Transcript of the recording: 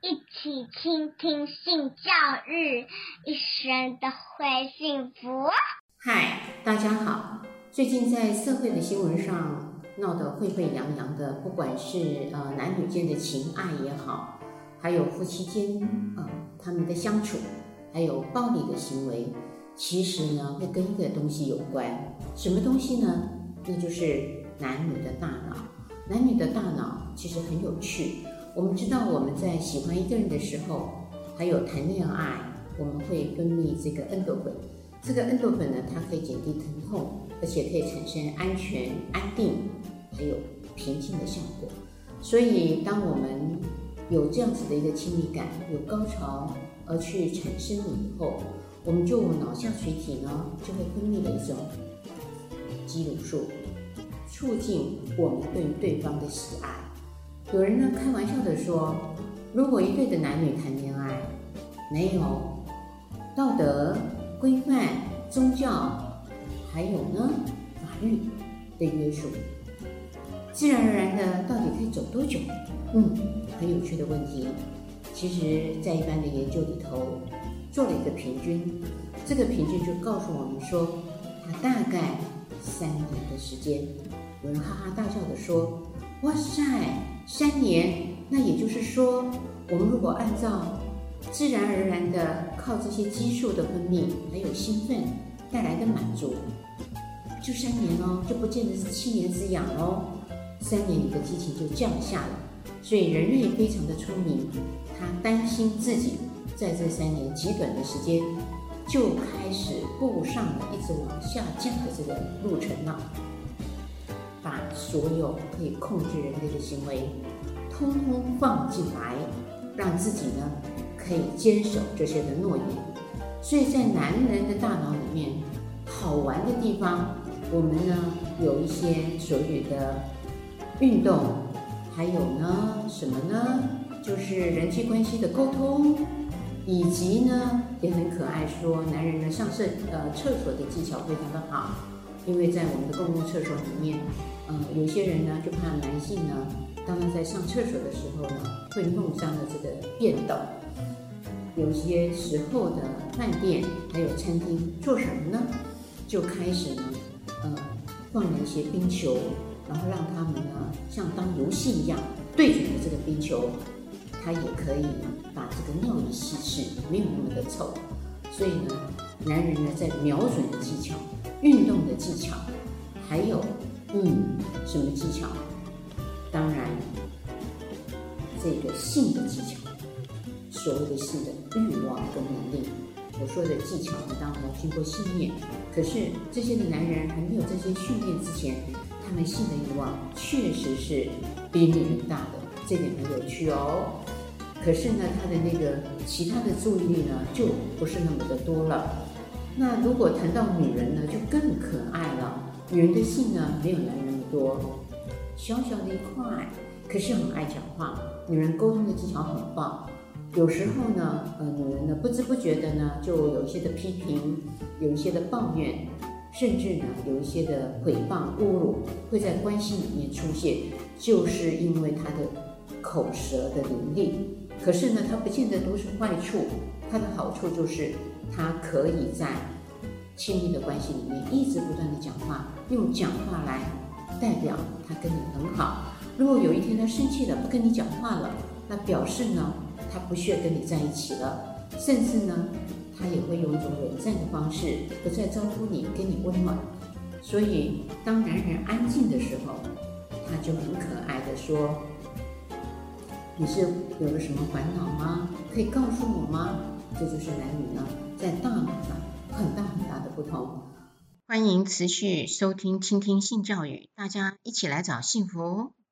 一起傾聽性教育，一生都會幸福。嗨，大家好。最近在社會的新聞上鬧得沸沸揚揚的，不管是呃男女間的情愛也好，還有夫妻間啊、呃、他們的相處，還有暴力的行為，其實呢會跟一個東西有關，什麼東西呢？那就是男女的大腦。男女的大腦其實很有趣。我們知道，我們在喜歡一個人的時候，還有談戀愛，我們會分泌這個恩多芬這個恩多芬呢，它可以減低疼痛，而且可以產生安全、安定，還有平靜的效果。所以，當我們有這樣子的一個親密感、有高潮而去產生以後，我們就腦下垂體呢就會分泌的一種激素，促進我們對對方的喜愛。有人呢開玩笑地說，如果一對的男女談戀愛，沒有道德規範、宗教，還有呢法律的約束，自然而然的到底可以走多久？嗯，很有趣的問題。其實，在一般的研究裡頭，做了一個平均，這個平均就告訴我們說，他大概三年的時間。有人哈哈大笑地說。哇塞，三年，那也就是說，我們如果按照自然而然的靠這些激素的分泌還有興奮帶來的滿足，就三年哦，就不見得是七年之癢嘍、哦。三年你的激情就降下了，所以人類非常的聰明，他擔心自己在這三年極短的時間就開始步上了，一直往下降的這個路程了。所有可以控制人類的行為，通通放進來，讓自己呢可以堅守這些的諾言。所以在男人的大腦裡面，好玩的地方，我們呢有一些所謂的運動，還有呢什麼呢？就是人際關係的溝通，以及呢也很可愛，說男人的上廁呃廁所的技巧非常的好。因為在我們的公共廁所裡面，嗯、呃，有些人呢就怕男性呢，當他在上廁所的時候呢，會弄髒了這個便斗。有些時候的飯店還有餐廳做什麼呢？就開始呢，嗯、呃，放了一些冰球，然後讓他們呢像當遊戲一樣對準了這個冰球，他也可以呢把這個尿液稀釋，沒有那麼的臭。所以呢，男人呢在瞄準的技巧。運動的技巧，還有，嗯，什麼技巧？當然，這個性的技巧，所謂的性的欲望和能力，我說的技巧呢，當然要經過訓練。可是，這些的男人還沒有這些訓練之前，他們性的欲望確實是比女人大的，這點很有趣哦。可是呢，他的那個其他的注意力呢，就不是那麼的多了。那如果談到女人呢，就更可愛了。女人的性呢，沒有男人那麼多，小小的一塊，可是很愛講話。女人溝通的技巧很棒，有時候呢，呃，女人呢不知不覺的呢，就有一些的批評，有一些的抱怨，甚至呢，有一些的誹謗、侮辱會在關係裡面出現，就是因為她的口舌的伶俐。可是呢，她不見得都是壞處，她的好處就是。他可以在親密的關係裡面一直不斷的講話，用講話來代表他跟你很好。如果有一天他生氣了，不跟你講話了，那表示呢，他不屑跟你在一起了，甚至呢，他也會用一種冷戰的方式不再招呼你，給你溫暖。所以當男人安靜的時候，他就很可愛的說：“你是有了什麼煩惱嗎？可以告訴我嗎？”這就是男女呢，在大腦上很大很大的不同。歡迎持續收聽、卿聽性教育，大家一起來找幸福。